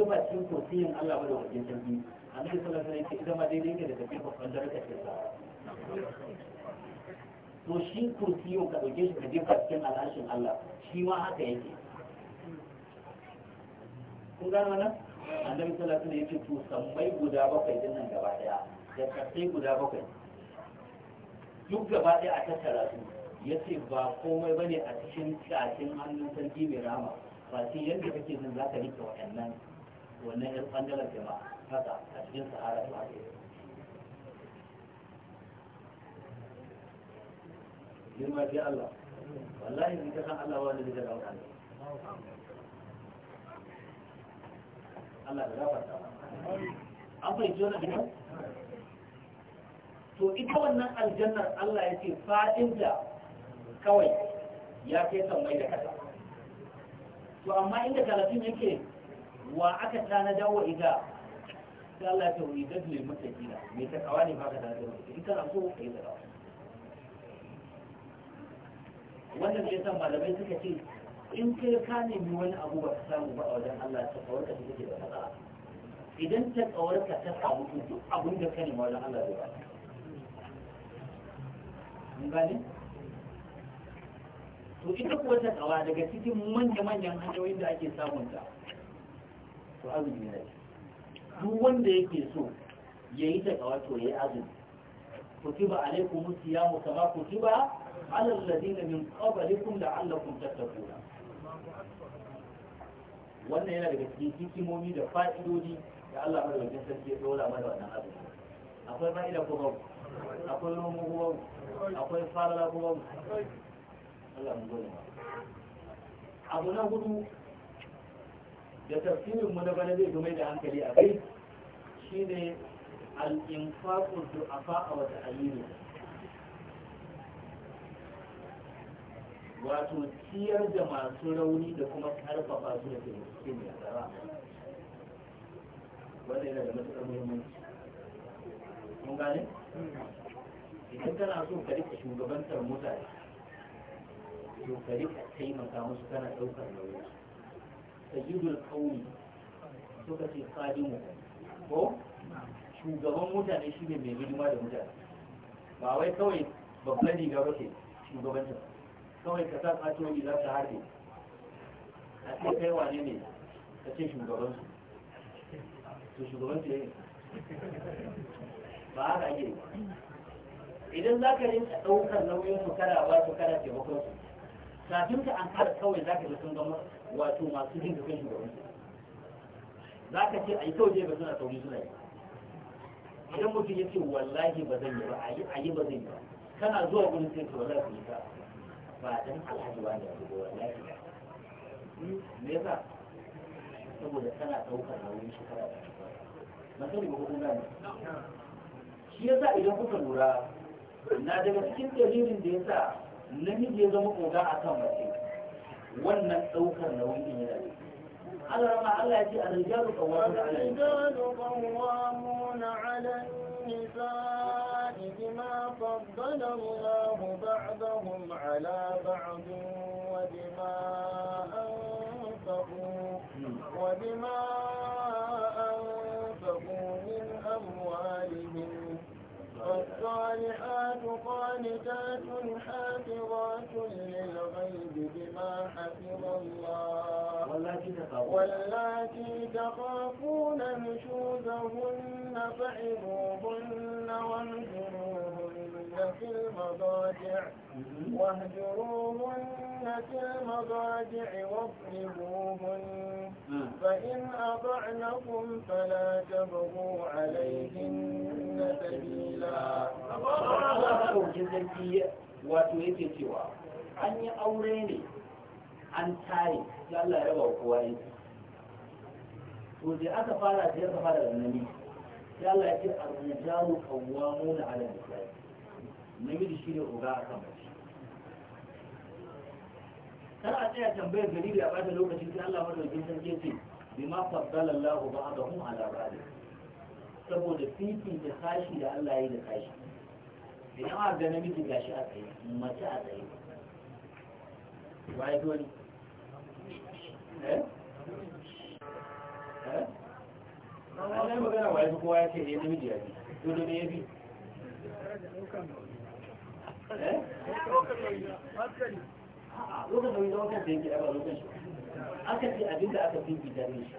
dai ba cikin kursiyin Allah ba da wajen sarki annabi sallallahu alaihi wasallam ita ma daidai ne da tafiyar babban daraja ce to shi kursiyo ka dauke shi ka jefa cikin al'ashin Allah shi ma haka yake kun gano nan annabi sallallahu alaihi wasallam yake to sammai guda bakwai din nan gaba daya da kasai guda bakwai duk gaba daya a tattara su yace ba komai bane a cikin kashin hannun sarki mai rama ba sai yadda kake jin za ka rike waɗannan wannan yan ɓangaren jama'a haka a cikin sahara ta ake girma ce Allah wallahi in ka san Allah wanda zai zama kan Allah da gafarta an fahimci wannan bidan to ita wannan aljannar Allah ya ce fa'inta kawai ya kai san mai da kasa to amma inda talatin yake wa aka tana dawo ita sai Allah ya tauri da dole mutakila mai takawa ne ba ka tanada wa ita ka kana so ka yi dawo wannan ne san malamai suka ce in kai ka nemi wani abu ba ka samu ba a wajen Allah ta kawar ka take da matsala idan ta kawar ka ta samu duk abin da ka nema wajen Allah zai ba mun gane to ita kuwa ta tsawa daga cikin manya-manyan hanyoyin da ake samunta to azumi ne duk wanda yake so ya yi ta kawa ya yi azumi kutiba alaikum siyamu kama kutiba ala alladhina min qablikum la'allakum tattaquna wannan yana daga cikin hikimomi da fa'idodi da Allah ya rubuta ya dora mana wannan azumi. akwai fa'ida ko babu akwai romo ko babu akwai fara ko babu Allah mu gode abu na hudu da tafsirin mu na bana zai zama da hankali a kai shine al-infaqu du'afa wa ta'alimi wato ciyar da masu rauni da kuma karfafa su da ke cikin ya tsara wanda yana da matuƙar muhimmanci mun gane idan kana so ka rika shugabantar mutane to ka rika taimaka musu kana ɗaukar nauyi sayyidul kauni suka ce kadimu ko shugaban mutane shi ne mai hidima da mutane ba wai kawai babban riga ba ce shugabancin kawai ka sa katoyi za ta harbe a ce kai wane ne ka ce shugaban su to shugaban su ne ba haka yi. idan za ka rinka ɗaukar nauyin su kana ba su kana taimakon su kafin ka an kara kawai za ka ga sun gama wato masu jin ka kai shi gaba za ka ce a yi kawai ba suna sauri suna yi idan mutum ya ce wallahi ba zan yi ba a yi ba zan yi ba kana zuwa gurin sai ka wallahi ku yi ka ba dan alhaji ba ne ba wallahi me yasa saboda kana daukar nauyin shi kana da masani ba hukun gane shi yasa idan kuka lura na daga cikin dalilin da yasa namiji ya zama oga a kan mace wannan ɗaukar nauyin ɗin yana da Allah rama Allah ya ce a rijalu qawwamun ala rijalu qawwamun ala بما فضل الله بعضهم على بعض وبما أنفقوا وبما صالحات قانتات حافظات للغيب بما حفظ الله واللاتي تخافون نشوزهن فعظوهن واهجروهن في المضاجع واهجروهن في المضاجع واضربوهن فإن أطعنكم فلا تبغوا عليهن سبيلا wato yake cewa an yi aure ne an tayi ya Allah ya bawa kowa ne to da aka fara da aka fara da namiji ya Allah ya ce arjalu qawwamuna ala nisaa shi ne uga akan mace kar a tsaya tambayar gari a bata lokaci sai Allah madaukakin sarki ce bima faddala Allahu ba'dahum ala ba'd saboda fifi da kashi da Allah ya yi da kashi idan aka ga namiji gashi a tsaye mace a tsaye waye dole eh eh magana ya ce eh, namiji ya bi to dole ya bi eh lokacin da wani zaman kansa aka lokacin shi aka ce abin da aka fifita ne shi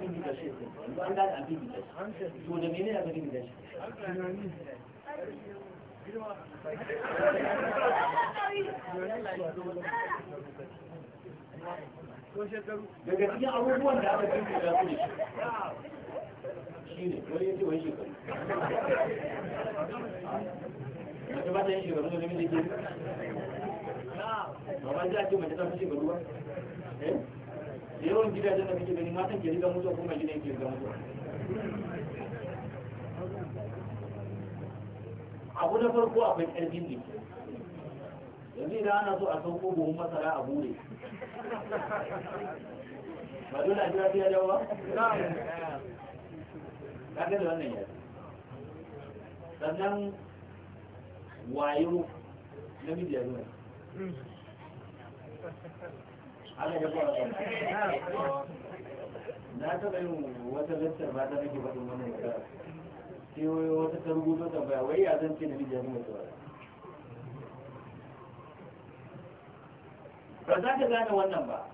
fifita shi yanzu an gane an fifita shi to da mene aka fifita shi daga cikin abubuwan da aka fifita su ne shi ne wani yake wani shekaru mace ba ta yin shekaru da namiji ke amma za a ce mace ta fashe ga ruwa eh? da yawan gidajen da kake gani matan ke riga mutuwa kuma gidan ke riga mutuwa abu na farko akwai ƙarfin ne yanzu idan ana so a sauko buhun masara a bude ba dole a jira fiye da ba? kaga da wannan yadda sannan wayo namiji ya zuwa na taɓa yin wata lantar ba ta rage faɗin wannan yara sai wata ta rubuto tambaya wai ya zan ce da mijin mai tsawara ba za ka gane wannan ba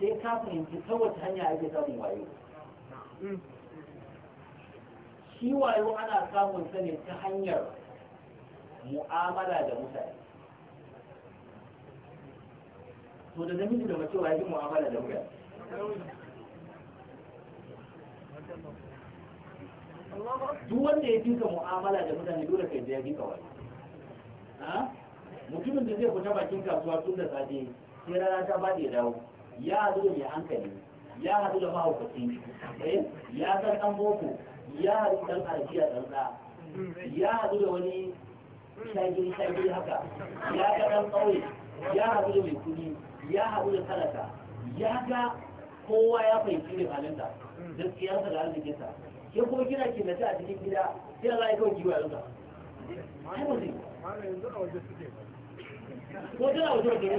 sai ka fahimci ta wata hanya ake samun wayo shi wayo ana samun sa ne ta hanyar mu'amala da mutane to da namiji da mace wa yi mu'amala da wuya duk wanda ya dinka mu'amala da mutane dole kai da ya dinka wani mutumin da zai fita bakin kasuwa tun da safe sai rana ta bada ya dawo ya hadu da mai hankali ya hadu da mahaukaci eh? ya san dan boko ya hadu dan aljiya tsantsa ya hadu da wani shagiri shagiri haka ya ga dan kauye ya hadu da mai kudi ya haɗu da talaka ya ga kowa ya fahimci ne halinta gaskiyarsa da arzikinsa ke kuma gina ke ta a cikin gida sai kawai ya kawo kiwo ya rusa ko tana waje waje ne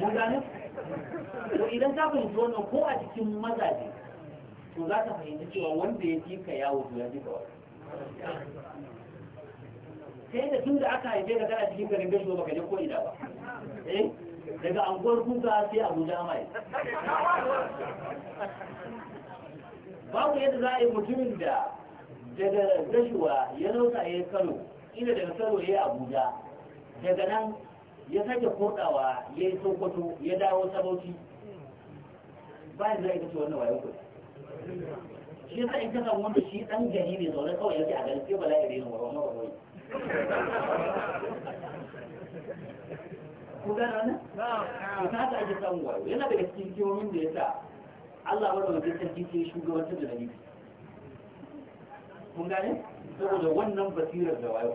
mun gane to idan ka fahimci wannan ko a cikin mazaje to za ka fahimci cewa wanda ya fi ka yawo to ya fi ka sai da tun da aka haife ka kana cikin garin gashi ba ka je ko ina ba eh daga anguwar kuka sai abuja mai babu yadda za a yi mutumin da daga gashuwa ya nauta ya kano ina daga kano ya abuja daga nan ya sake kodawa ya yi sokoto ya dawo sabauci ba za a yi kace wannan wayo kuɗi shi yasa in ka wanda shi dan gari ne zaune kawai yake a garin sai ya ne wa warwa wani to ta haka ake samun wayo yana daga cikin kiyomin da ya sa Allah wani wajen sarki sai shugabantar da nabi kun gane saboda wannan basirar da wayo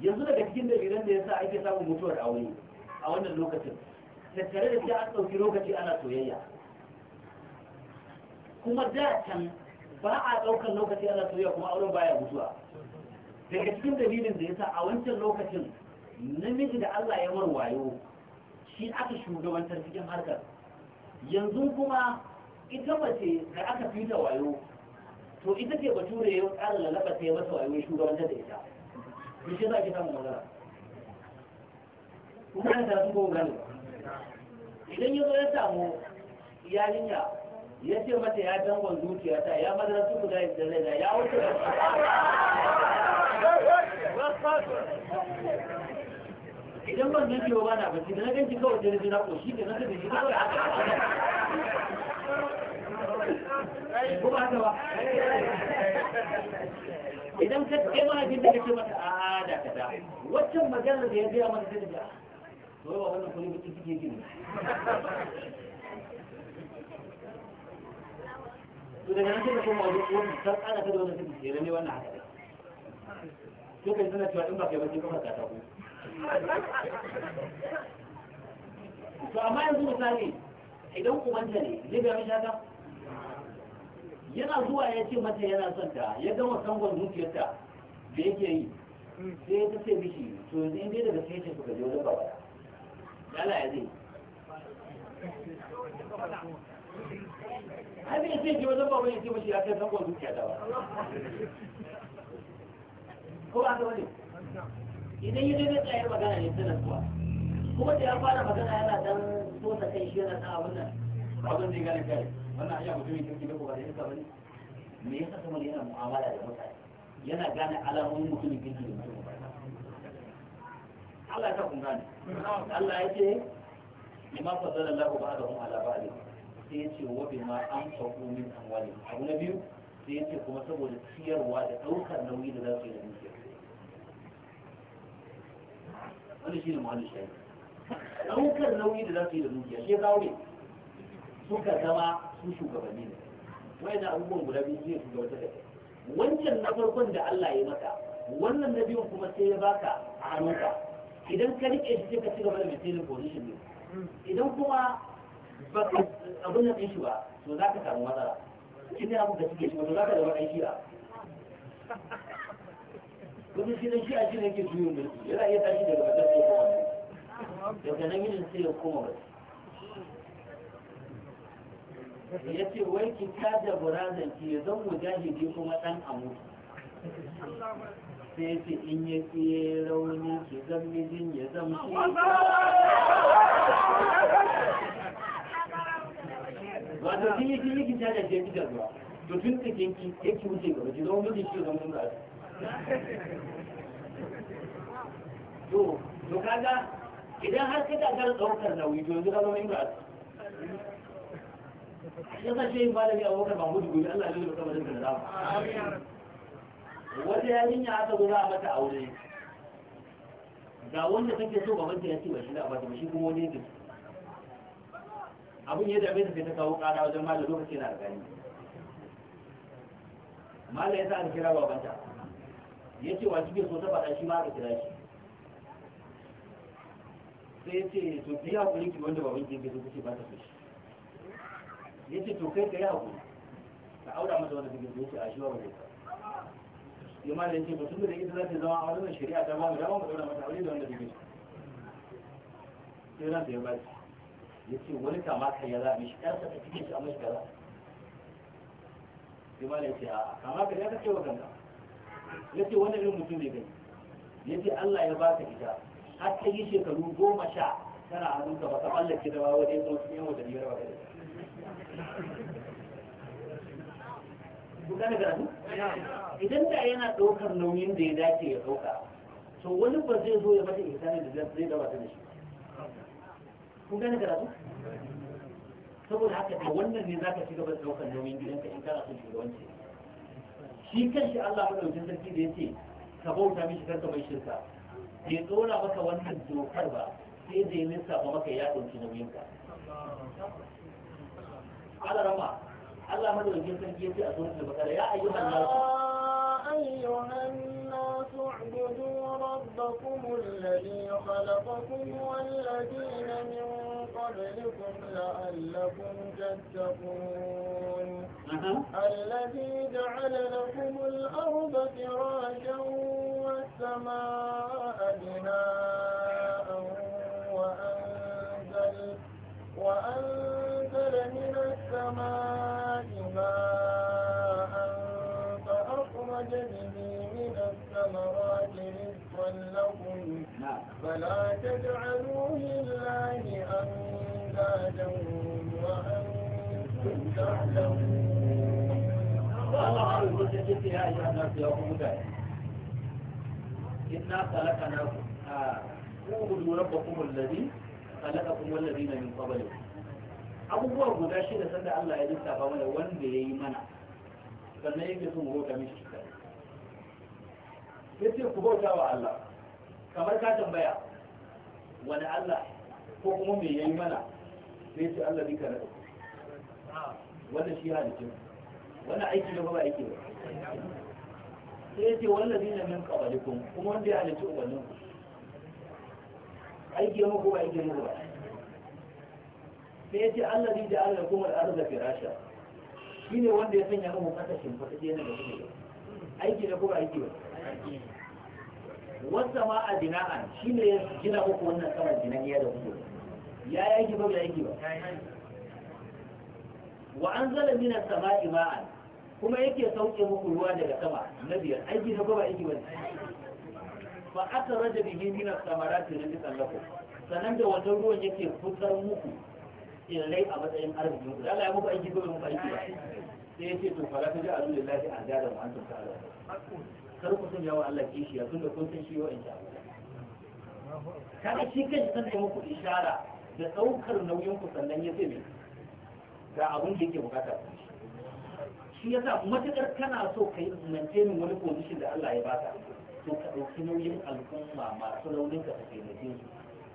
yanzu daga cikin dalilan da ya sa ake samun mutuwar aure a wannan lokacin tattare da shi an ɗauki lokaci ana soyayya kuma da can ba a ɗaukar lokaci ana soyayya kuma auren baya mutuwa daga cikin dalilin da ya sa a wancan lokacin namiji da Allah ya mar wayo shi aka shugabantar cikin harkar yanzu kuma ita mace da aka fi da wayo to ita ce ture ya ƙara lalaba ta yi masa wayo shugabantar da ita da shi za ki samu magana kuma an tara ko kowa gano idan ya zo ya samu yarinya ya ce mata ya dangon zuciya ta ya madara su guda da zai ya wuce idan ban nan ciwo ba na bacci da na ganci kawai jirgin na koshi da na da shi kawai haka ko ba haka ba idan ka kai mahaifin da kake mata a da ka da waccan maganar da ya biya mata ta da to ba wannan kuma mutum suke gini to daga nan sai da kuma wani wani san ana ta da wannan sai da ne wannan haka to kai suna cewa in ba kai ba sai kuma ka ta ku to amma yanzu misali idan ubanta ne zai ga mishi haka yana zuwa ya ce mata yana son ta ya gama sangon zuciyarta da yake yi sai ta ce mishi to yanzu in dai daga sai ce suka je wajen baba yana ya zai har bai ce ke wajen baba ya ce mishi ya kai sangon zuciyarta ba ko ba ta wani idan yi daidai tsaye magana ne tana kuwa kuma da ya fara magana yana dan tosa kai shi yana sa wannan abin zai gane kai wannan ayya mutumin kirki ko kuma da yasa bane me yasa kuma yana mu'amala da mutane yana gane alamomin mutumin kirki da mutumin ba Allah ya ta kun gane Allah ya ce lima fadala lahu ba'dahum ala ba'd sai ya ce wa bima anfaqu min amwalihim abu na biyu sai ya ce kuma saboda ciyarwa da daukar nauyi da za su yi da mutane wani shi ne muhalli shayi ɗaukar nauyi da za su yi da dukiya shi ya ne suka zama su shugabanni ne wai da abubuwan guda biyu zai shugabata da wancan na farkon da Allah ya maka wannan na biyun kuma sai ya baka a hannunka idan ka rike shi ka ci gaba da maintaining position ne idan kuma baka abin da shi ba to za ka samu matsala kin da abu da suke shi ba to za ka zama aiki ba. kuma shi dan shi a cikin yake juyin mulki yana iya tashi daga matar ko kuma daga nan yin sai ya koma wasu ya ce wai ki kada burazan ki ya zan mujahidi kuma ɗan amu sai ce in ya ke rauni ki zan mijin ya zan shi wato kin yi kin yi kin tada ke fitar ruwa to tun da kinki ki wuce ga gaba ki zama mijin ki zan mun ba to to kaga idan har ka gagar ɗaukar nauyi to yanzu ka zama imra ya sa shehin malami abokan wakar mahmud gobe allah ya lura kamar da Wanda ya yin yarinya aka zo za a mata aure ga wanda kake so babanta ya ce ba shi da ba shi kuma wani ne abin ya dame ta sai ta kawo ƙara wajen da lokaci na da gani malam ya sa aka kira babanta ya ce wa kike so ta faɗa shi ma aka kira shi sai ya ce to ki hakuri ki wanda baban wanke yake so ba ta so shi ya ce to kai ka yi hakuri ka aura masa wanda kike so ya a shi ba ka ya ma da ce ba tun da ita za ta zama a wannan shari'a ta ba mu dama mu daura mata aure da wanda kike so sai ran da ya ba ya ce wani kama kai ya za a mishi ɗansa ta cikin shi a mashi kaza sai ma da ya ce a kama kai ya ta ce wa kanka ya ce wani irin mutum ne gani ya ce Allah ya baka ita har ta yi shekaru goma sha tana hannun ka baka mallake da ba wajen sun sun yawa da biyar ba kai kuka da gani idan da yana ɗaukar nauyin da ya dace ya ɗauka to wani ba zai zo ya mata ihsani da zai daba ta da shi kun gane karatu saboda haka da wannan ne zaka ci gaba da ɗaukar nauyin gidanka in kana son shugabanci shi shi Allah madaukakin sarki da yace ka bauta mishi karka mai shirka bai dora maka wannan dokar ba sai da yin sa ba maka ya dauki nauyin ka Allah rama Allah madaukakin sarki ce a suratul baqara ya ayyuhan nas ayyuhan nas u'budu rabbakum alladhi khalaqakum walladhina min qablikum نعم. الذي جعل لكم الأرض فراشا والسماء بناء وأنزل, وأنزل من السماء ماء فأخرج به من الثمرات رزقا لكم نعم. فلا تجعلوا لله أندادا وأنتم تعلمون إنا خلقناكم abubuwa guda sanda Allah ya lissafa mana wanda ya yi mana sannan yake sun rota mishi ya ce ku bauta wa Allah kamar ka tambaya wani Allah ko kuma me ya yi mana sai ce Allah na wanda shi Wani aiki da ba aiki ba sai ya ce wallazi na min qablikum kuma wanda ya halittu ubannin ku aiki muku ba aiki muku ba sai ya ce allazi da Allah kuma arda firasha ne wanda ya sanya muku kasashen fata ce na da kuma aiki na ko ba aiki ba wasa ma a shi shine ya gina muku wannan sama binaniya da kuma ya yi aiki ba ba aiki ba wa an zala mina sama'i ma'an kuma yake sauke muku ruwa daga sama na biyar aiki na gaba aiki wani fa aka raja bihi min samarati na bisan lako sanan da wannan ruwan yake fitar muku tsirrai a matsayin arziki ku Allah ya muku aiki gobe muku aiki ba sai yace to fara ta ji alulillahi a gada mu antum ta'ala kar ku san yawa Allah kishiya tunda kun san shi yawa insha Allah kada shi kai san da muku ishara da daukar nauyin ku sannan yace me ga abin da yake bukata ku shi yasa matukar kana so ka yi maintaining wani position da Allah ya baka to ka ɗauki nauyin al'umma masu raunin ka da su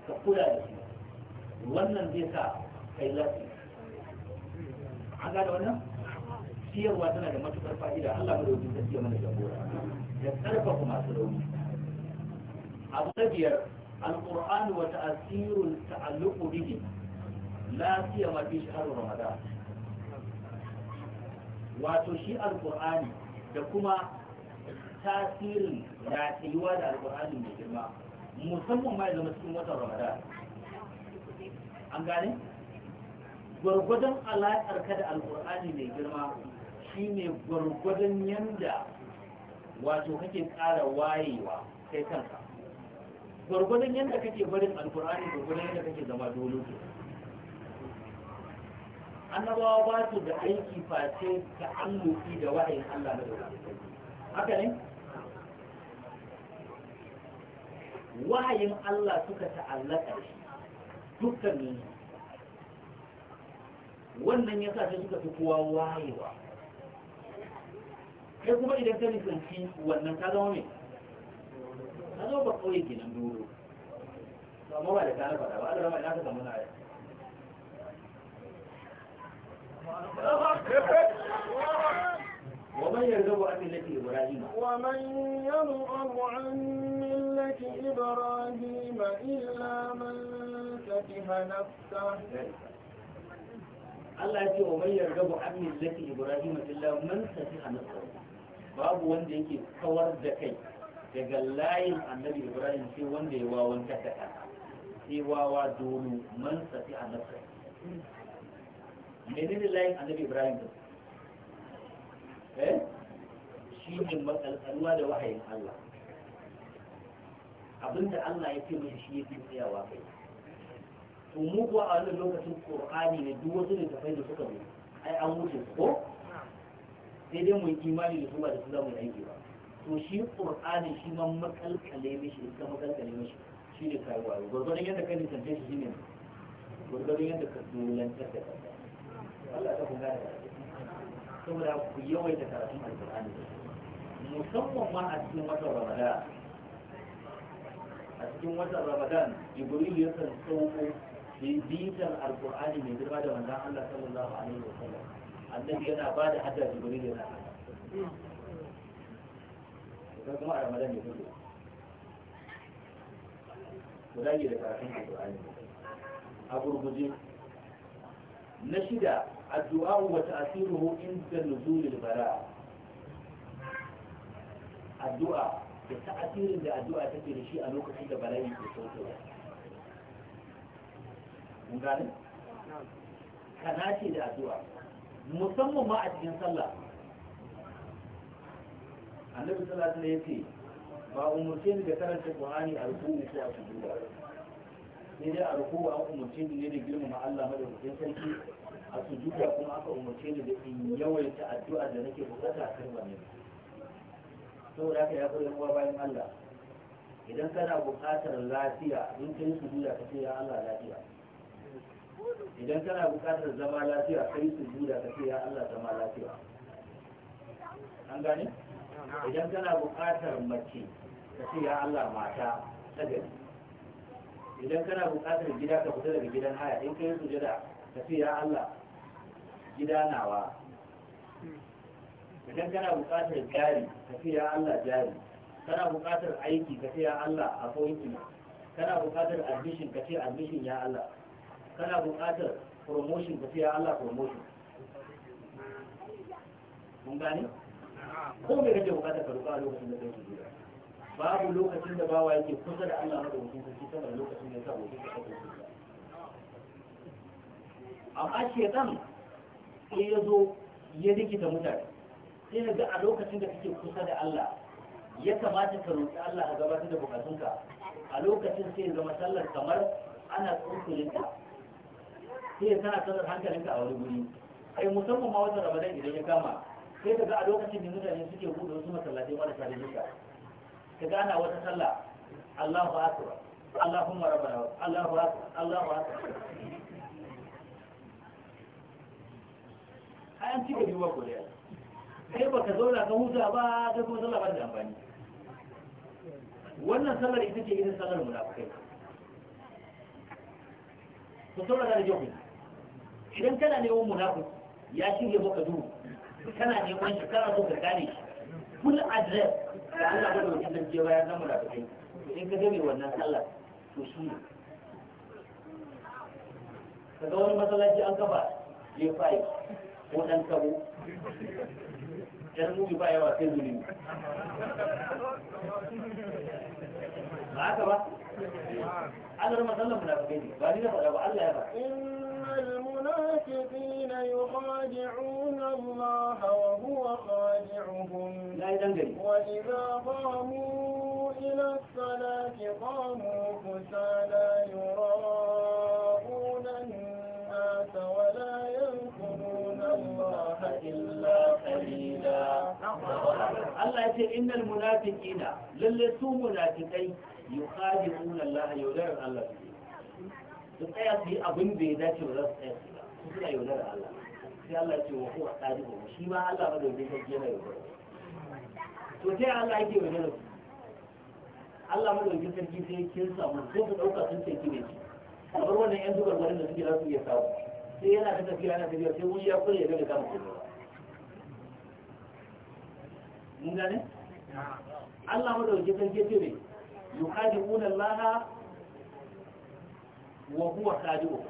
ka kula da su wannan zai sa kai lafi an da wannan siyarwa tana da matukar fa'ida Allah mai rubuta tafiya mana jagora da ƙarfafa masu rauni abu na biyar القرآن وتأثير التعلق bihi لا سيما في شهر رمضان wato shi alkur'ani da kuma tasirin ratsayuwa da alkur'ani mai girma musamman ma ya zama cikin watan ramadan an gane gwargwadon alaƙar ka da alkur'ani mai girma shi ne gwargwadon yanda wato kake ƙara wayewa kai kanka gwargwadon yanda kake barin alkur'ani gwargwadon yanda kake zama dole annabawa ba su da aiki face ta annufi da wahayin Allah na dole haka ne wahayin Allah suka ta'allaka shi dukkanin wannan ya sa sai suka fi kowa wayewa kai kuma idan ka nisanci wannan ka zama mai ka zama ba kawai kenan doro ba ma ba da ta ba faɗa ba a da rama ina ka zama na ومن يرغب عن ملة إبراهيم إلا من سفه نفسه الله يقول ومن يرغب عن ملة إبراهيم إلا من سفه نفسه باب وندي يكي كور زكي يقول لا يم عن نبي إبراهيم في وندي واو انتكتا في واو دون من سفه نفسه menene layin annabi ibrahim da eh shi ne matsaltsaluwa da wahayin allah abinda allah ya ce mai shi ya fi tsayawa kai to mu kuwa a wannan lokacin qur'ani ne duk wasu ne littafai da suka zo ai an wuce su ko sai dai mu imani da su ba da su za mu yi aiki ba to shi qur'ani shi ma makalkale mishi ita makalkale mishi shi ne kaiwa gurgurdan yadda ka nisance shi ne gurgurdan yadda ka dolantar da kanka saboda ku yawaita karatun alkur'ani musamman ma a cikin watan ramadan a cikin watan ramadan jibril ya kan sauko bibitar alkur'ani mai girma da manzon Allah sallallahu alaihi wa sallam annabi yana ba da hadda jibril yana hada kuma a ramadan ne kuke ku dage da karatun alkur'ani a gurguje na shida addu'a wa ta'asiruhu inda nuzulil bara addu'a da ta'asirin da addu'a take da shi a lokacin da bala'i ke sotowa mun gane kana ce da addu'a musamman ma a cikin sallah annabi sallallahu alaihi wasallam ce ba umurce ni da karanta qur'ani a ruku'u ko a sujuda sai dai a rukuwa an umarce ni ne da girmama Allah madaukakin sarki a sujuda kuma aka umarce ni da in yawaita addu'a da nake bukata a kan bane saboda haka ya koyar uwa bayan Allah idan kana bukatar lafiya in kai sujuda ka ce ya Allah lafiya idan kana bukatar zama lafiya kai sujuda ka ce ya Allah zama lafiya an gane idan kana bukatar mace ka ce ya Allah mata ta idan kana buƙatar gida ka fita daga gidan haya in kai jada ka ce ya Allah gida nawa idan kana buƙatar jari ka ce ya Allah jari kana buƙatar aiki ka ce ya Allah appointment kana buƙatar admission ka ce admission ya Allah kana buƙatar promotion ka ce ya Allah promotion mun gane ko me kake buƙatar ka roƙa a lokacin da su jira? babu lokacin da bawa yake kusa da Allah madaukakin sarki sama da lokacin da ya sa shi sa kake kusa amma shekan sai ya zo ya rikita mutane sai na ga a lokacin da kake kusa da Allah ya kamata ka roƙi Allah a gabatar da bukatunka a lokacin sai ya zama sallar kamar ana tsunkulinka sai ya sana sallar hankalinka a wani guri kai musamman ma wata ramadan idan ya kama sai ka ga a lokacin da mutane suke buɗe wasu masallatai marasa da jika ka gana wata sallah Allahu akbar Allahumma rabbana Allahu akbar Allahu akbar an ci gari gore kuriya Sai baka zauna ka huta ba ka kuma sallah ba da amfani wannan sallar ita ce irin sallar munafikai ku saurara da jihu idan kana neman munafiki ya shirya maka duhu kana neman shi kana so ka gane shi full address da Allah ba da wajen cewa ya zama da kai in ka gami wannan sallah to shi ne kaga wani masallaci an kafa J5 ko dan kabo yan mubi ba yawa sai zulumi ba haka ba Allah masallan munafikai ne ba ni na faɗa ba Allah ya faɗa المنافقين يخادعون الله وهو خادعهم وإذا قاموا إلى الصلاة قاموا كسالى يراءون الناس ولا يذكرون الله إلا قليلا الله يقول إن المنافقين للي سوء منافقين يخادعون الله يولئك الله su tsaya su yi abin da ya dace ba za su tsaya su ba su suna yaudar Allah sai Allah ce wa huwa tsadiku shi ma Allah ba da wani sarki yana yaudar to ta Allah yake yaudar su Allah ma da wani sarki sai kin samu sai su ɗauka sun ce kine shi kamar wannan yan zubar gwanin da suke za su iya samu sai yana ta tafiya yana tafiya sai wuri ya kula ya daga kama kuma mun gane Allah ma da wani sarki ce ne yuhadiquna Allah wa huwa sadiqu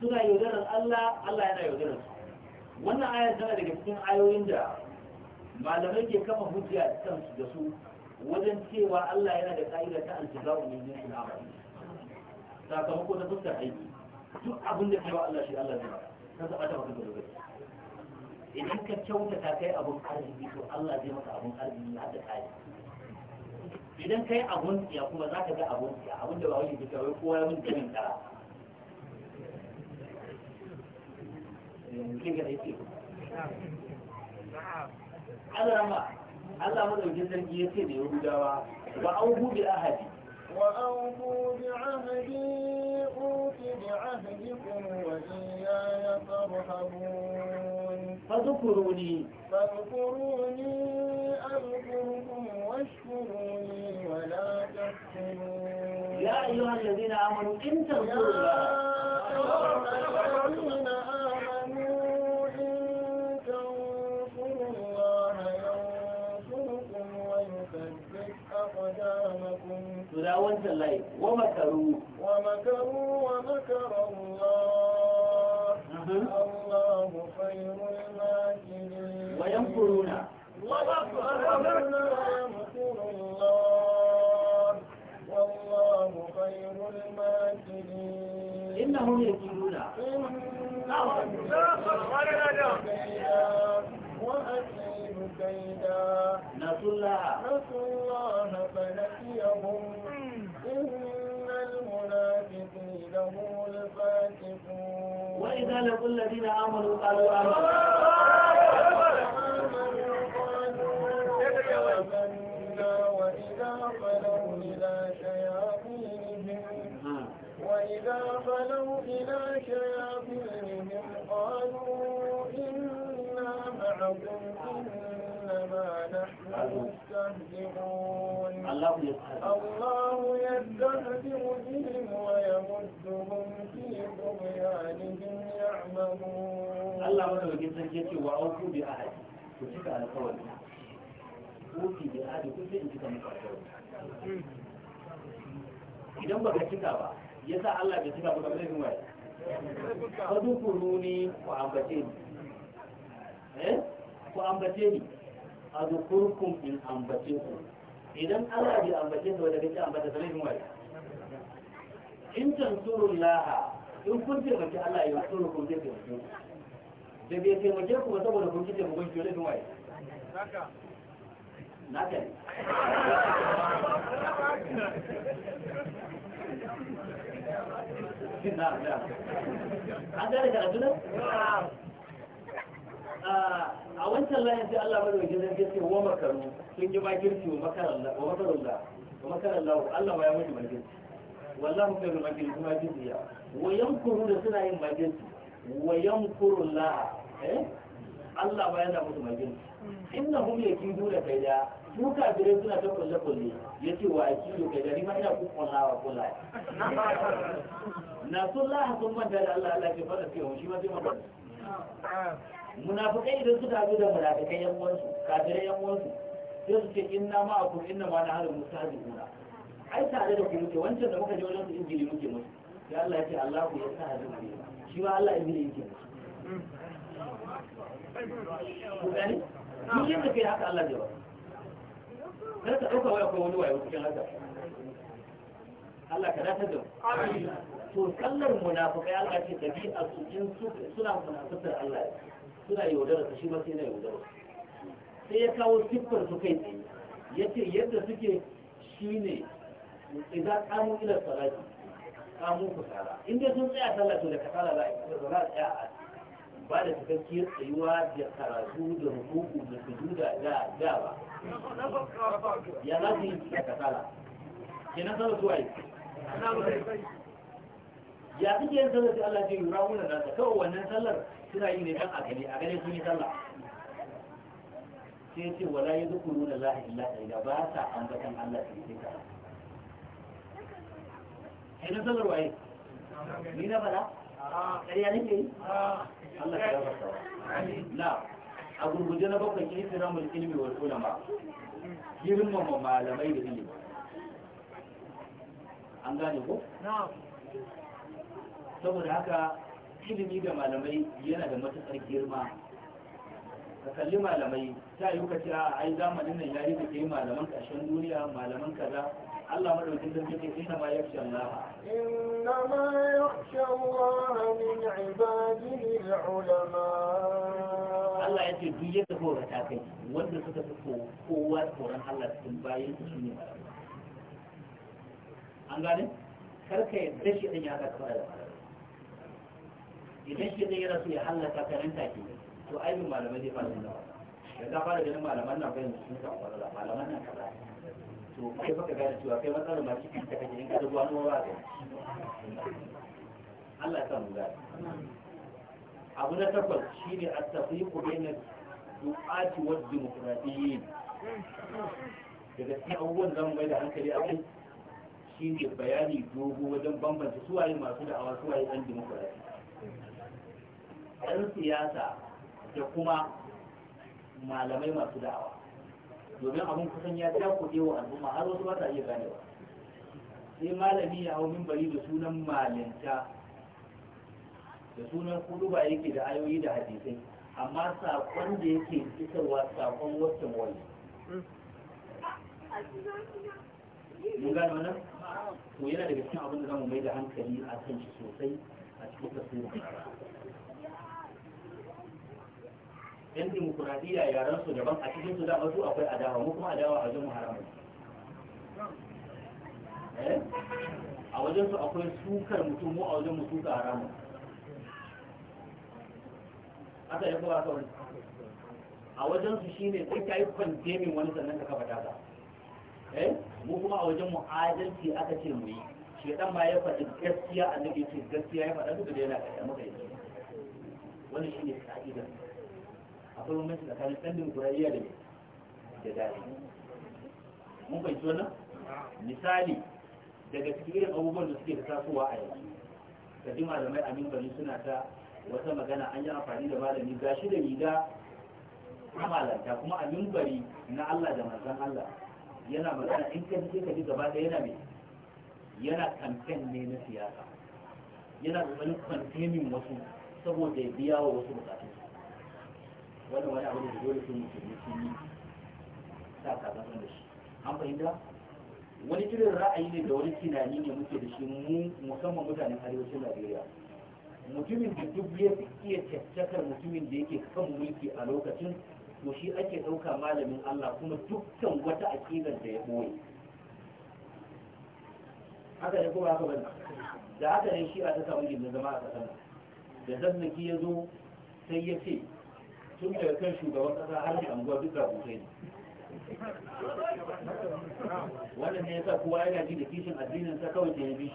suna yaudarar Allah Allah yana yaudarar su wannan aya tana daga cikin ayoyin da malamai ke kama hujja kansu da su wajen cewa Allah yana da ka'ida ta al-jaza'u min jinsil amal sakamako na fuskar aiki duk abin da kaiwa Allah shi Allah zai baka ka zaba ta maka lokaci idan ka kyautata kai abin arziki to Allah zai maka abin arziki har da kai idan ka yi abun ya kuma za ka ga abun ya abun da ba wajen jika wai kowa ya mun da min kara kin ga dai ce Allah ma Allah ma a da ya ce da yahudawa wa awhu da ahadi wa awhu bi ahadi uti bi ahdikum wa iyaya tarhabun fadhkuruni fadhkuruni adhkurukum washkuruni أيها الذين آمنوا إن تنصروا الله تداونت الليل ومكروا ومكروا ومكر الله الله خير الماكرين ويمكرون ويمكرون إنهم يكيدون وأكيد كيدا نسوا الله نسوا الله فنسيهم إن المنافقين هم الفاسقون وإذا لقوا الذين آمنوا قالوا آمنا الله يستهزئ بهم ويمدهم في طغيانهم يعمهون الله ko سنجيتي وأوفوا بأحد كتب على قول أوفي بأحد كتب cika كتب مقاتل idan baka cika ba sa Allah bai cika ba kamar yin waye fa ku ambace ni eh ku ambace ni in ambace ku idan Allah bai ambace su da kace ambata sai mun wai in tansurullaha in kun taimaki Allah ya tsoro kun zai taimake da bai ce ku kuma saboda kun ce mun gwiwa da wai na na na an karatu a wancan layin sai Allah bada wajen zai ce wa makaru sun yi makirci wa da wa makarallah da Allah ma ya mutu makirci wallahu khairul makirci kuma jiziya wa yankuru da suna yin makirci wa yankuru la eh Allah ba yana mutu makirci innahum yakiduna kaida su kafirai suna ta kulle kulle yace wa akidu kaida ni ma ina ko kullaye na sun laha sun manta da Allah Allah ke fara wa shi ma zai manta munafikai idan suka zo da munafikai yan uwansu kafirai yan uwansu sai su ce inna ma akum inna ma nahnu mustahzi'una ai tare da ku muke wancan da muka je wajen su injili muke musu sai Allah ya ce Allah ku yastahzi'u ne shi ma Allah injili yake ku gani yi yadda kai haka Allah ya ba kada ka ɗauka waya ko wani wayo cikin haka Allah ka dace da to sallar munafukai Allah ce a su in suna munafukar Allah ya suna yaudara ta shi ma sai na yaudara sai ya kawo siffar su kai tsaye ya ce yadda suke shi ne idan kamun ilar salati kamun kusara in dai sun tsaya sallah to da kasala za a tsaya a ba da cikakkiyar tsayuwa da karatu da hukuku da su da da ba ya za su yi da kasala kenan sallah su waye ya suke yin sallah sai Allah ce yi wannan nasa kawai wannan sallar suna yi ne dan a gani a gani sun yi sallah sai ce wala ya zuku nuna la illa illa ba sa ambatan Allah sai sai ka sai na sallar waye ni na fara ƙarya nake yi Allah ya gafarta na a gurguje na bakwai kin sirran mul ilmi wal ulama girmama malamai da ilimi an gane ko na'am saboda haka ilimi da malamai yana da matuƙar girma ka kalli malamai ta yi ka kira ai zamanin nan yari da yi malaman ƙarshen duniya malaman kaza Allah madaukakin sarki ce ina ma yakhsha Allah inna ma yakhsha Allah min ibadihi ulama Allah ya ce duk yadda ko ta kai wanda suka fi kowa tsoron Allah cikin bayan su ne malamai an gane karka yadda shi ɗin ya ka kawai da idan shi zai yana so ya hallaka ka nan take to aibin malamai zai fara nuna da ka fara ganin malaman nan bayan sun ka kwalala malaman nan kaza to kai baka gane cewa kai matsala ma shi kan ta kake in ka zuwa wani ba ga Allah ya samu gari abu na takwas shine at-tafriqu bayna du'ati wa demokratiyyin daga cikin abubuwan zan mai da hankali a kai shi ne bayani dogo wajen bambanta suwaye masu da'awa suwaye ɗan demokrati ɗan siyasa da kuma malamai masu da'awa domin abin kusan ya kuɗe wa al'umma har wasu wata iya ganewa sai malami ya hau mimbari da sunan malinta da sunan ba yake da ayoyi da hadisai amma saƙon da yake isarwa saƙon wasu wani mun gane nan to yana daga cikin abin da zamu mai da hankali a kan shi sosai a cikin tasirin yan dimokuraɗiyya yaran su daban a cikin su da wasu akwai adawa mu kuma adawa a zuwa haramun eh? a wajen su akwai sukar mutum mu a wajen mu suka haramun aka yi kuma kawai a wajen su shine sai ka yi kwantemin wani sannan ka kafa tasa eh? mu kuma a wajen mu adalci aka ce mu yi shi shedan ma ya faɗi gaskiya annabi ce gaskiya ya faɗa duk da yana ƙarya maka yanzu, wani shine ka'idar akwai bambanci tsakanin ɗan dimokuraɗiyya da da dare mun fahimci wannan misali daga cikin irin abubuwan da suke tasowa a yanzu ka ji malamai a mimbari suna ta wata magana an yi amfani da malami gashi da riga a kuma a mimbari na Allah da manzon Allah yana magana in ka ka ji gaba yana mai yana kamfen ne na siyasa yana tsanin kwantemin wasu saboda ya biya wa wasu bukatu wannan wani abu da dole sun musulmi sun yi sa kazan da shi an fahimta wani irin ra'ayi ne da wani tunani ne muke da shi mu musamman mutanen arewacin najeriya mutumin da duk ya fi iya tattakar mutumin da yake kan mulki a lokacin to shi ake ɗauka malamin allah kuma dukkan wata aƙidar da ya ɓoye haka ne kuma haka bane da haka ne shi a ta samu gindin zama a ƙasar da zannaki ya zo sai ya ce sun daga kan shugaban kasa har da anguwa duk rahotai ne wannan ne yasa kowa yana ji da kishin addinin sa kawai sai ya bi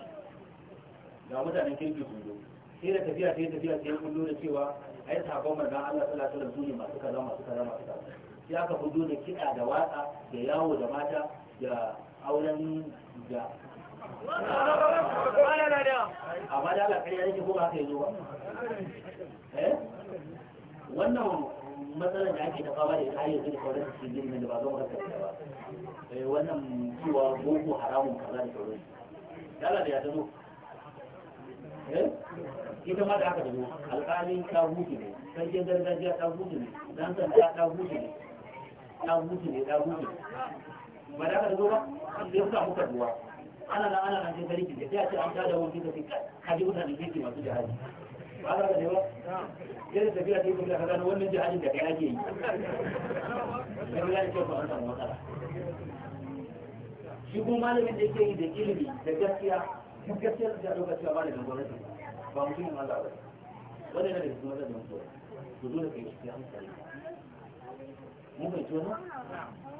ga mutanen kirki sun zo sai da tafiya sai tafiya sai kun da cewa ai sabon manzon Allah sallallahu alaihi wasallam masu kaza masu kaza masu kaza sai aka fito da kiɗa da waka da yawo da mata da auren da amma da Allah kai ya rike ko ba ka yi zo ba eh? wannan matsalar da ake kafa ba da ita yanzu da sauran su jin da ba zan rasa ba eh, wannan cewa boko haramun kaza da sauran dala da ya ta zo eh? ita ma da aka zo alƙalin ta hutu ne sarkin gargajiya ta hutu ne dan sanda ta hutu ne ta hutu ne ta hutu ba da aka zo ba sai sa muka duwa ana nan ana nan sai sarki da sai a ce an da wani kika sai kaji mutane kike masu jihadi ba za ka ne ba yadda tafiya ta yi kuma ka gano wannan jihadin da kai ake yi da ya ce ba an samu matsala shi kuma malamin da yake yi da ilimi da gaskiya duk gaskiya da lokaci ba malamin gwamnati ba mutumin Allah ba wannan yana da kuma zan mutuwa ku dole kai shi hankali mun bai tona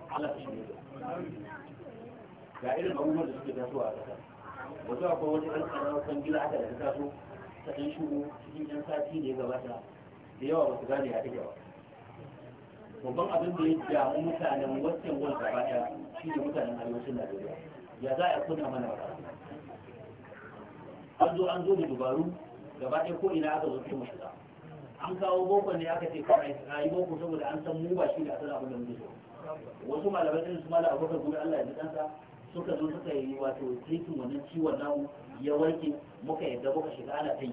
Allah ta shirya ga irin abubuwan da suke tasowa a ƙasa wasu akwai wani ɗan ƙaramin kwangila haka da ta taso ta ɗan shigo cikin ɗan sati ne ya gabata da yawa ba su gane ya take ba babban abin da ya damu mutanen western world gaba ta shi ne mutanen arewacin najeriya ya za a kunna mana ba an zo an zo da dubaru gaba ɗaya ko ina aka zo mu shiga an kawo boko ne aka ce kawai a yi boko saboda an san mu ba shi da asalin abin da muke so wasu malamai ɗin su malam abubakar gudu allah ya ji ɗansa suka zo suka yi wato titin wannan ciwon namu ya wanke muka yadda muka shiga ana ta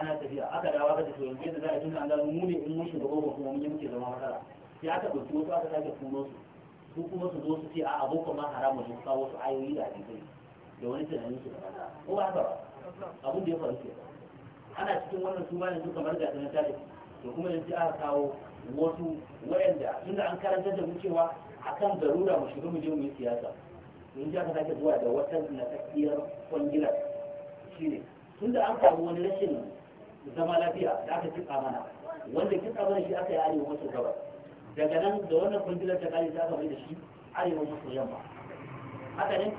ana tafiya aka dawo aka tafi yanzu yadda za a tuna an mu ne in mun shiga goma kuma mun yi muke zama matsala sai aka ɗauki wasu aka sake turo su su kuma su zo su ce a abokan ma haramu su kawo wasu ayoyi da hadisai da wani tunanin su da banza ko ba haka ba abin da ya faru ke ana cikin wannan su bayan su kamar gasa na tarihi to kuma yanzu aka kawo wasu wayanda inda an karanta da mu cewa akan garura mu shiga mu je mu yi siyasa in ji aka sake zuwa da wata nasakkiyar kwangila shi ne tun da an samu wani rashin zama lafiya da aka kitsa mana wanda kitsa mana shi aka yi arewa maso gabas daga nan da wannan kwangilar ta kare ta aka mai da shi arewa maso yamma haka ne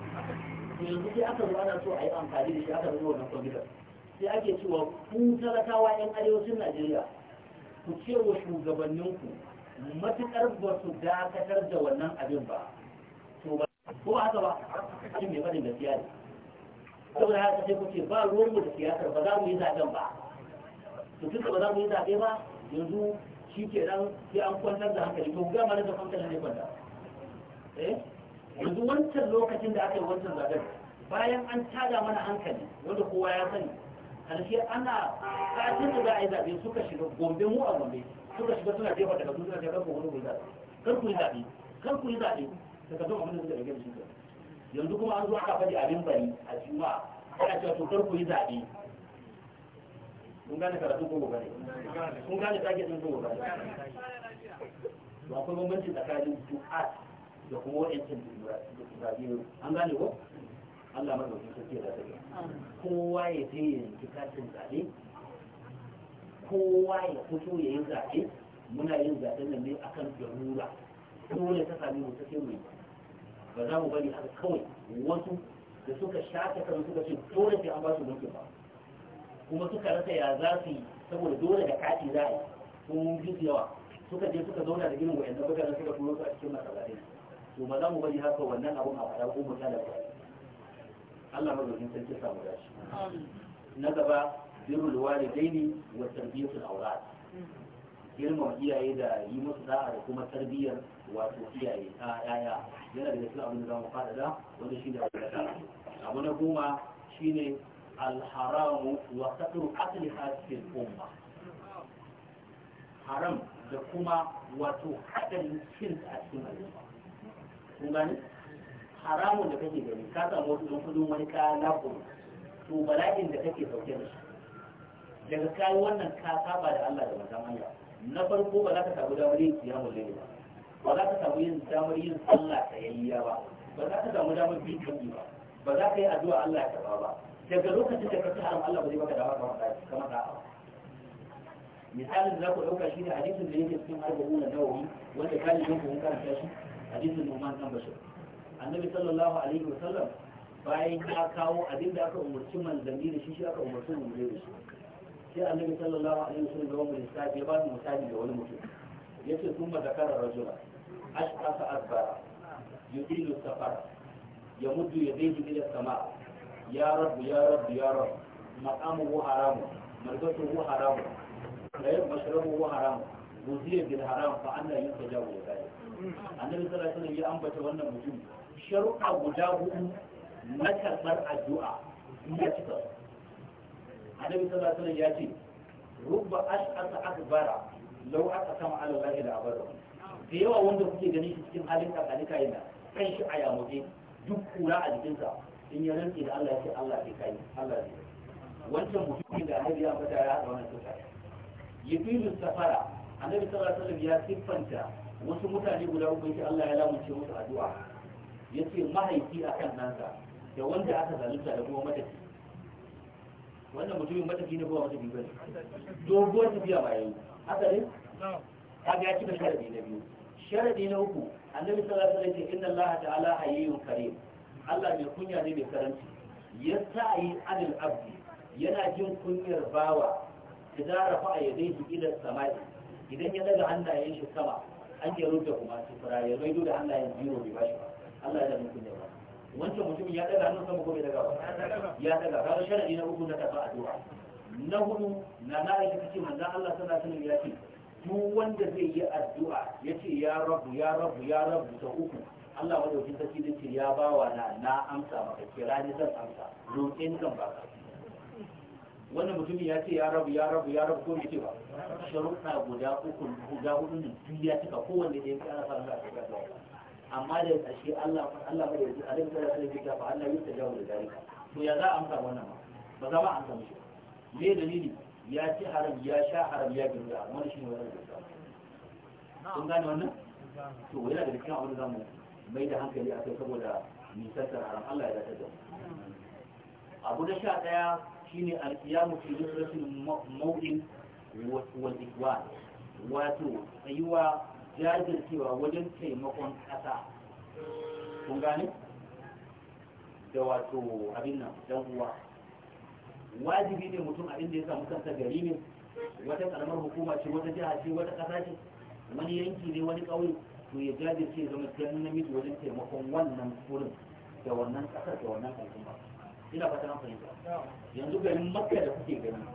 to yanzu sai aka zo ana so a yi amfani da shi aka zo wannan kwangilar sai ake cewa kun talakawa yan arewacin najeriya ku ce wa shugabanninku matuƙar ba su dakatar da wannan abin ba ko ba haka ba shi mai faɗin gaskiya ne saboda haka sai kuke ba ruwan mu da siyasar ba za mu yi zaben ba to tunda ba za mu yi zaɓe ba yanzu shi ke nan sai an kwantar da hankali ko ga mana da kwantar ne kwanta eh yanzu wancan lokacin da aka yi wancan zaben bayan an tada mana hankali wanda kowa ya sani karshe ana kacin da za a yi zaɓe suka shiga gombe mu a gombe suka shiga suna jefa daga suna jefa ko wani gurza kar ku yi zaɓe kar ku yi zaɓe daga yanzu kuma an zo aka faɗi abin bari a juma ana cewa to ku yi zaɓe kun gane karatu ko gobe kun gane ko gobe to akwai bambanci tsakanin da kuma zaɓe an gane ko kowa ya je ya yanki zaɓe kowa ya fito ya yi zaɓe muna yin zaɓen nan ne akan kan dole ta sami ta sai mu ba za mu bari haka kawai wasu da suka shata kan suka ce dole sai an ba su mulkin ba kuma suka rasa ya za su yi saboda dole da kati za a yi sun fi yawa suka je suka zauna da ginin wayannan bukatun suka turo su a cikin masallatai to ba za mu bari haka wannan abun a faɗa ko mu tada ba Allah madaukin sarki samu dashi na gaba birrul walidaini wa tarbiyatul awlad mm. girmama iyaye da yi musu da'a da kuma tarbiyyar wato iyaye a yaya yana da cikin abin da za mu faɗaɗa wani shi ne da tara abu na goma shi ne alharamu wa saɗin asali hasil umma haram da kuma wato haɗarin cin a cikin al'umma kun gani haramun da kake gani ka samu wasu don kudin wani kayan na to bala'in da kake sauke da shi daga kayi wannan ka saba da Allah da manzon Allah na farko ba za ka samu damar yin kiyamun laili ba ba za ka samu yin damar yin sallah ta yayya ba ba za ka samu damar bin ba ba za ka yi addu'a Allah ya karba ba daga lokacin da ka ci haram Allah ba zai baka dama kamar ta kamar ta misalin da za ku ɗauka shi ne hadisin da yake cikin arba'u na nawawi wanda galibin ku kun karanta shi hadisin Numan kan Bashir annabi sallallahu alaihi wa sallam bayan ya kawo abin da aka umarci manzanni da shi shi aka umarci manzanni da shi sai annabi sallallahu alaihi wa sallam da wani lissafi ya ba su misali da wani mutum yace sun zakara rajula أشخص أكبر يطيل السفر يمد يديه إلى السماء يا رب يا رب يا رب مطعمه حرام ملبسه حرام مشربه حرام وزي بالحرام فأنا يستجاب لذلك annabi sallallahu alaihi wasallam ya ambata wannan mutum sharuɗa guda hudu na karɓar addu'a ya cika su annabi sallallahu alaihi wasallam ya ce rubba ash'asa akbara law aqsama ala allahi da abara da yawa wanda kuke gani shi cikin halin kakalika yana kan shi a yamuje duk kura a jikinsa in ya rantsi da Allah ya ce Allah ya kai Allah ce. wancan mutumin da haifi ya fada ya haɗa wannan fi yafilu safara annabi sallallahu alaihi wasallam ya siffanta wasu mutane guda uku yace Allah ya lamunce musu addu'a yace mahaifi akan nasa, da wanda aka zalunta da kuma matafi wannan mutumin matafi ne kuma matafi bane dogon tafiya bayan haka ne kaga ya cika sharadi na biyu sharadi na uku annabi sallallahu alaihi wasallam ce inna allaha ta'ala hayyun karim Allah mai kunya ne mai karanci ya sa'i anil abdi yana jin kunyar bawa idan rafa a yadai shi ila samai idan ya daga hannayen shi sama an ke rubuta kuma su fara ya maido da hannayen biyu bai bashi ba Allah ya da kunya ba wancan mutum ya daga hannun sama ko bai daga ba ya daga kaga sharadi na uku na karɓar addu'a na hudu na na aisha kace manzon Allah sallallahu alaihi wasallam ya ce duk wanda zai yi addu'a ya ce ya rabu ya rabu ya rabu ta uku Allah wanda wajen sarki zai ce ya bawa na na amsa maka kira ni zan amsa roƙin zan baka wannan mutumin ya ce ya rabu ya rabu ya rabu ko me ce ba sharuɗa guda uku guda hudu ne duk ya cika kowanne da ya fi ana fara da ya amma da ƙarshe Allah Allah mai yanzu alim da sai ya ba Allah ta tajawu da dalika to ya za a amsa wannan ma ba za ma amsa mishi me dalili ya ci haram ya sha haram ya gina da wani shi ne wani da kun gane wannan to yana da cikin abin da zamu mai da hankali a kai saboda nisantar haram Allah ya dace da abu na sha daya shine alqiyamu fi nusratil mawdin wal ikwan wato tsayuwa jajircewa wajen taimakon ƙasa kun gane da wato abin nan dan uwa wajibi ne mutum a inda ya samu kansa gari ne wata karamar hukuma ce wata jiha ce wata ƙasa ce wani yanki ne wani ƙauye to ya jajirce ya zama ganin namiji wajen taimakon wannan wurin da wannan ƙasar da wannan al'umma ina fata na fahimta yanzu garin makka da kuke gani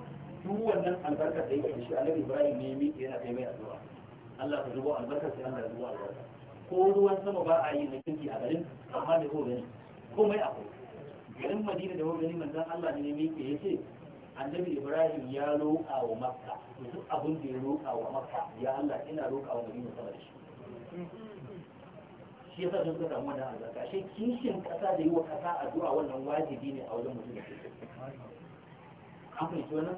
duk wannan albarkar da yake da shi annabi ibrahim ne mi yana kai mai addu'a Allah ka zubo albarkar sai Allah ya zubo albarka ko ruwan sama ba a yi na kinki a garin amma da ko gani komai akwai garin madina da wani manzan Allah ne mai ke yace annabi ibrahim ya roƙa wa makka duk abin da ya roƙa wa makka ya Allah ina roƙa wa madina sama da shi shi yasa sun suka samu wannan albarka shi kishin kasa da yi wa kasa addu'a wannan wajibi ne a wajen mutum da an fahimci wannan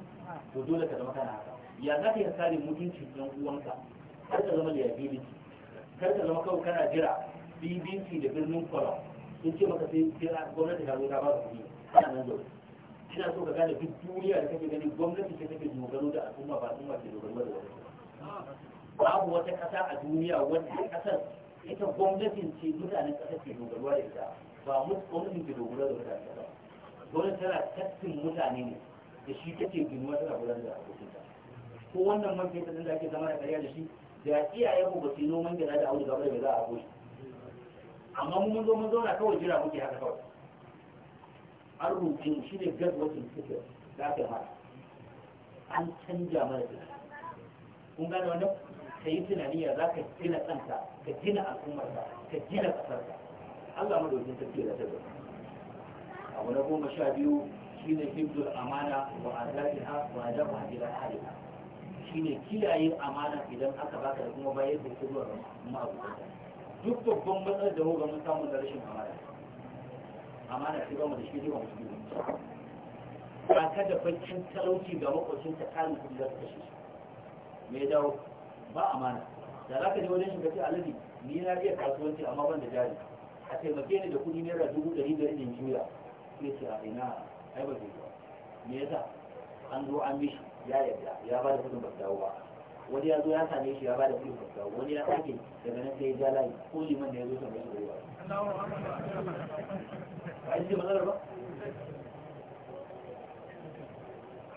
to dole ka zama kana haka ya za ka yi kare mutuncin ɗan uwanka kar ka zama liability kar ka zama kawai kana jira bbc da birnin kwalam in ce maka sai gwamnati ta zo ta ba kuɗi ana nan zaune ina so ka gane duk duniya da kake gani gwamnati ta take dogaro da al'umma ba al'umma ke dogaro da wani babu wata ƙasa a duniya wanda ƙasar ita gwamnatin ce mutanen ƙasar ke dogaro da ita ba mu gwamnatin ke dogaro da mutanen ƙasar gwamnati tana tattin mutane ne da shi kake ginuwa tana gudanar da abokinta ko wannan man fesa, fetur da ake zama da karya da shi da iyayen mu ba su yi noman gida da auduga ba da za a abokin amma mun zo mun zauna kawai jira muke haka kawai an shi ne gas wasu suke za ta mara an canja mara jira kun gane wannan ka yi tunani ya za ka gina kanka ka gina al'ummarka ka gina kasarka Allah ta sarki da ta abu na goma sha biyu shi ne hibdul amana wa ha wa adabuha ila shi ne kiyaye amana idan aka baka da kuma bayar da zuwa ga ma'abuta duk babban matsalar da hoga mun samu da rashin amana amana sai ba mu da shi ne ba mu shi ba ka da baccin talauci ga makwacin ta kan kudi za ta shi me dawo ba amana da za ka je wajen shiga ce alaji ni na iya kasuwanci amma ban da jari a taimake ni da kudi naira dubu ɗari da in juya sai ce a ina ai ba zai ba me yasa an zo an mishi ya yarda ya ba da kudin ba dawo ba wani ya zo ya same shi ya ba da kuɗin fuska wani ya sake daga nan sai ya ja layi ko liman da ya zo same shi ruwa ba ji matsalar ba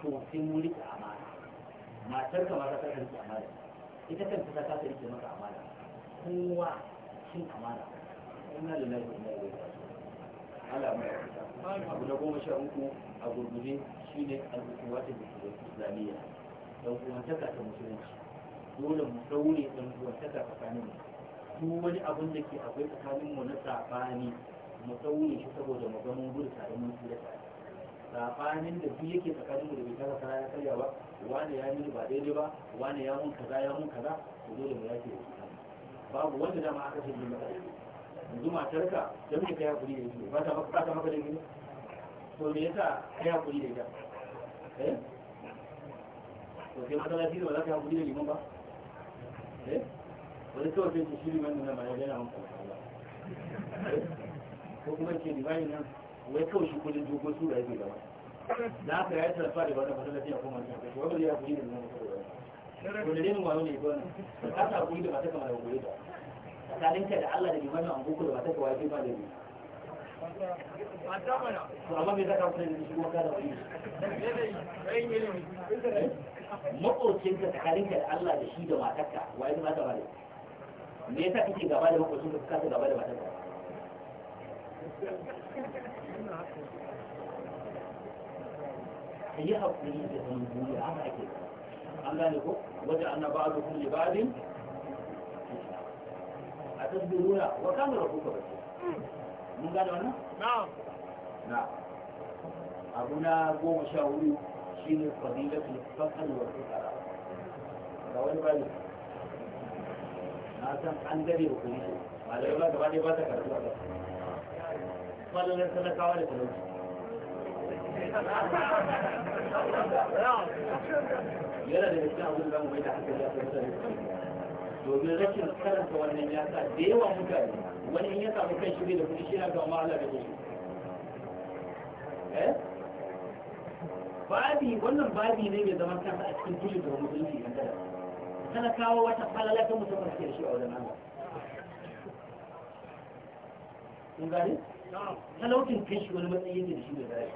to sai mun rike amana matar ka ma ta kasa rike amana ita kanta ta kasa rike maka amana kowa cin amana inna lillahi wa inna ilaihi Allah mai abu na goma sha uku a gurguje shine al-ukuwatu bil-islamiyya dan ta musulunci dole mu daure dan tsakanin mu wani abin da ke akwai tsakanin mu na sabani mu daure shi saboda mu ga gudu tare mun tsira tare sabanin da duk yake tsakanin mu da bai taka kara ya karya ba wani ya mini ba daidai ba wani ya mun kaza ya mun kaza to dole mu yake babu wanda dama aka ce ni maka yanzu matarka da muke kai hakuri da ita ba ta maka da gini to me yasa kai hakuri da ita eh to sai masallaci da ba za ka hakuri da ba eh wani kawai sai ku liman nuna mai yana maka eh? ko kuma ce limanin nan wai kawai shi kudin dogon sura yake gaba da aka yi sarfa da ba ta masallaci kuma ta kai wani ya kuri da liman ko da dinin wani ne ka ta kuri da ba ta kamar da kuri da tsalinka da Allah da liman nan an da ba kawai ba da bi. makocinka tsakaninka da Allah da shi da matarka wa mata bane me yasa kake gaba da ka kasa gaba da matarka haka ake an gane ko wajen an ba da babin a tasbiruna wa mun gane wannan na abu na goma sha hudu shi ne fadilatul fasal wa fukara ga wani bani na san an dare wa kuli malamai ba gaba ne ba ta karatu a gaba malamai talakawa da talauci yana da gaske abin da mu bai da hankali a kan mutane domin rashin karanta wannan ya sa da yawa mutane wani in ya samu kan shirya da kuɗi shi na gama Allah da kuɗi eh? babi wannan babi ne mai zaman kansa a cikin tuli da musulunci yan kada tana kawo wata falala ta musamman suke da shi a wajen Allah kun gani talautin kai shi wani matsayi ne da shi mai zai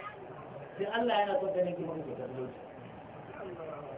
sai Allah yana son ganin kuma mutum talauci